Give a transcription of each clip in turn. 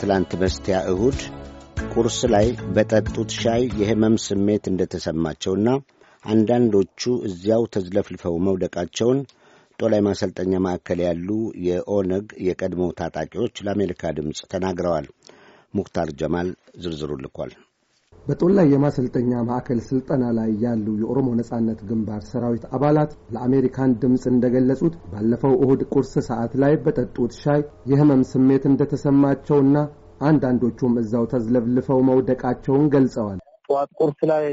ከትላንት በስቲያ እሁድ ቁርስ ላይ በጠጡት ሻይ የህመም ስሜት እንደተሰማቸውና አንዳንዶቹ እዚያው ተዝለፍልፈው መውደቃቸውን ጦላይ ማሰልጠኛ ማዕከል ያሉ የኦነግ የቀድሞ ታጣቂዎች ለአሜሪካ ድምፅ ተናግረዋል። ሙክታር ጀማል ዝርዝሩ ልኳል። በጦላ የማሰልጠኛ ማዕከል ስልጠና ላይ ያሉ የኦሮሞ ነጻነት ግንባር ሰራዊት አባላት ለአሜሪካን ድምፅ እንደገለጹት ባለፈው እሁድ ቁርስ ሰዓት ላይ በጠጡት ሻይ የህመም ስሜት እንደተሰማቸውና አንዳንዶቹም እዛው ተዝለፍልፈው መውደቃቸውን ገልጸዋል። ጠዋት ቁርስ ላይ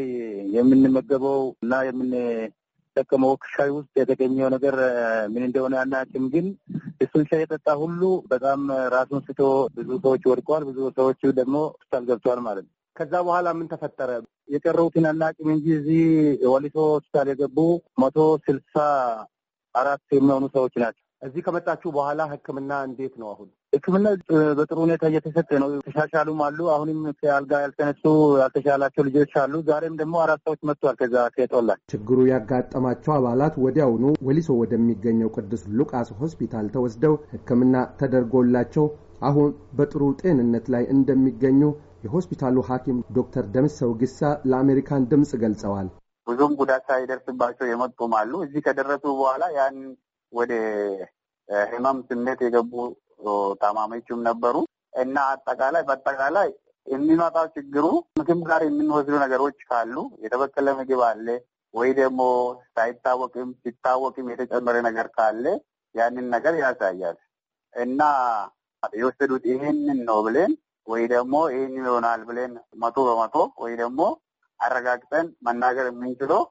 የምንመገበው እና የምንጠቀመው ሻይ ውስጥ የተገኘው ነገር ምን እንደሆነ አናውቅም፣ ግን እሱን ሻይ የጠጣ ሁሉ በጣም ራሱን ስቶ ብዙ ሰዎች ወድቀዋል፣ ብዙ ሰዎች ደግሞ ሆስፒታል ገብተዋል ማለት ነው። ከዛ በኋላ ምን ተፈጠረ? የቀረቡትን አላውቅም እንጂ እዚህ ወሊሶ ሆስፒታል የገቡ መቶ ስልሳ አራት የሚሆኑ ሰዎች ናቸው። እዚህ ከመጣችሁ በኋላ ሕክምና እንዴት ነው? አሁን ሕክምና በጥሩ ሁኔታ እየተሰጠ ነው። ተሻሻሉም አሉ። አሁንም ከአልጋ ያልተነሱ ያልተሻላቸው ልጆች አሉ። ዛሬም ደግሞ አራት ሰዎች መጥቷል። ከዛ ከጦላ ችግሩ ያጋጠማቸው አባላት ወዲያውኑ ወሊሶ ወደሚገኘው ቅዱስ ሉቃስ ሆስፒታል ተወስደው ሕክምና ተደርጎላቸው አሁን በጥሩ ጤንነት ላይ እንደሚገኙ የሆስፒታሉ ሐኪም ዶክተር ደምሰው ግሳ ለአሜሪካን ድምፅ ገልጸዋል። ብዙም ጉዳት ሳይደርስባቸው የመጡም አሉ። እዚህ ከደረሱ በኋላ ያን ወደ ህመም ስሜት የገቡ ታማሚዎችም ነበሩ እና አጠቃላይ በአጠቃላይ የሚመጣው ችግሩ ምግብ ጋር የምንወስዱ ነገሮች ካሉ የተበከለ ምግብ አለ ወይ ደግሞ ሳይታወቅም ሲታወቅም የተጨመረ ነገር ካለ ያንን ነገር ያሳያል እና የወሰዱት ይህንን ነው ብለን ወይ ደግሞ ይህን ይሆናል ብለን መቶ በመቶ ወይ ደግሞ አረጋግጠን መናገር የምንችለው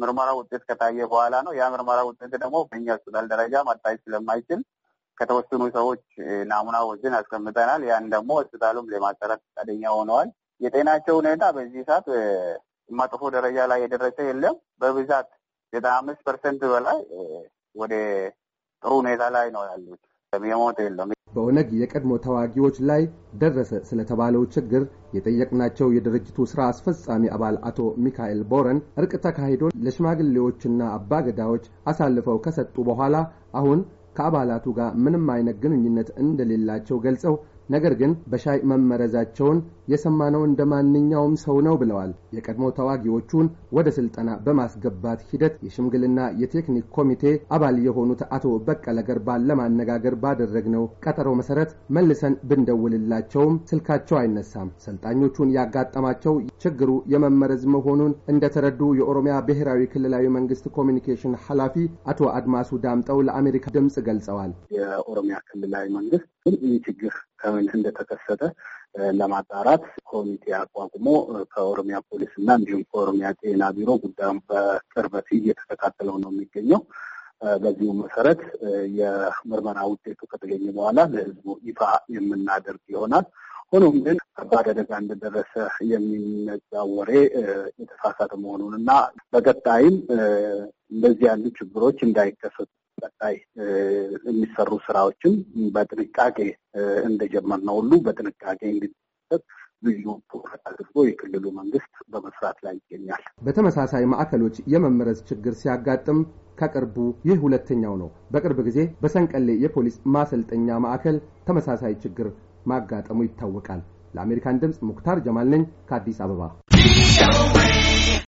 ምርመራ ውጤት ከታየ በኋላ ነው። ያ ምርመራ ውጤት ደግሞ በእኛ ሆስፒታል ደረጃ መታየት ስለማይችል ከተወሰኑ ሰዎች ናሙና ወዝን አስቀምጠናል። ያን ደግሞ ሆስፒታሉም ለማሰራት ፈቃደኛ ሆነዋል። የጤናቸው ሁኔታ በዚህ ሰዓት መጥፎ ደረጃ ላይ የደረሰ የለም። በብዛት ዘጠና አምስት ፐርሰንት በላይ ወደ ጥሩ ሁኔታ ላይ ነው ያሉት። የሞት የለም። በኦነግ የቀድሞ ተዋጊዎች ላይ ደረሰ ስለተባለው ችግር የጠየቅናቸው የድርጅቱ ሥራ አስፈጻሚ አባል አቶ ሚካኤል ቦረን እርቅ ተካሂዶ ለሽማግሌዎችና አባገዳዎች አሳልፈው ከሰጡ በኋላ አሁን ከአባላቱ ጋር ምንም አይነት ግንኙነት እንደሌላቸው ገልጸው ነገር ግን በሻይ መመረዛቸውን የሰማነው እንደ ማንኛውም ሰው ነው ብለዋል። የቀድሞ ተዋጊዎቹን ወደ ስልጠና በማስገባት ሂደት የሽምግልና የቴክኒክ ኮሚቴ አባል የሆኑት አቶ በቀለ ገርባን ለማነጋገር ባደረግነው ቀጠሮ መሰረት መልሰን ብንደውልላቸውም ስልካቸው አይነሳም። ሰልጣኞቹን ያጋጠማቸው ችግሩ የመመረዝ መሆኑን እንደተረዱ የኦሮሚያ ብሔራዊ ክልላዊ መንግስት ኮሚኒኬሽን ኃላፊ አቶ አድማሱ ዳምጠው ለአሜሪካ ድምፅ ገልጸዋል። የኦሮሚያ ክልላዊ መንግስት ግን ይህ ችግር እንደተከሰተ ለማጣራት ኮሚቴ አቋቁሞ ከኦሮሚያ ፖሊስ እና እንዲሁም ከኦሮሚያ ጤና ቢሮ ጉዳዩን በቅርበት እየተከታተለው ነው የሚገኘው። በዚሁ መሰረት የምርመራ ውጤቱ ከተገኘ በኋላ ለሕዝቡ ይፋ የምናደርግ ይሆናል። ሆኖም ግን ከባድ አደጋ እንደደረሰ የሚነዛ ወሬ የተሳሳተ መሆኑን እና በቀጣይም እንደዚህ ያሉ ችግሮች እንዳይከሰቱ ቀጣይ የሚሰሩ ስራዎችን በጥንቃቄ እንደጀመርነው ሁሉ በጥንቃቄ እንዲሰጥ ልዩ ትኩረት አድርጎ የክልሉ መንግስት በመስራት ላይ ይገኛል። በተመሳሳይ ማዕከሎች የመመረዝ ችግር ሲያጋጥም ከቅርቡ ይህ ሁለተኛው ነው። በቅርብ ጊዜ በሰንቀሌ የፖሊስ ማሰልጠኛ ማዕከል ተመሳሳይ ችግር ማጋጠሙ ይታወቃል። ለአሜሪካን ድምፅ ሙክታር ጀማል ነኝ ከአዲስ አበባ።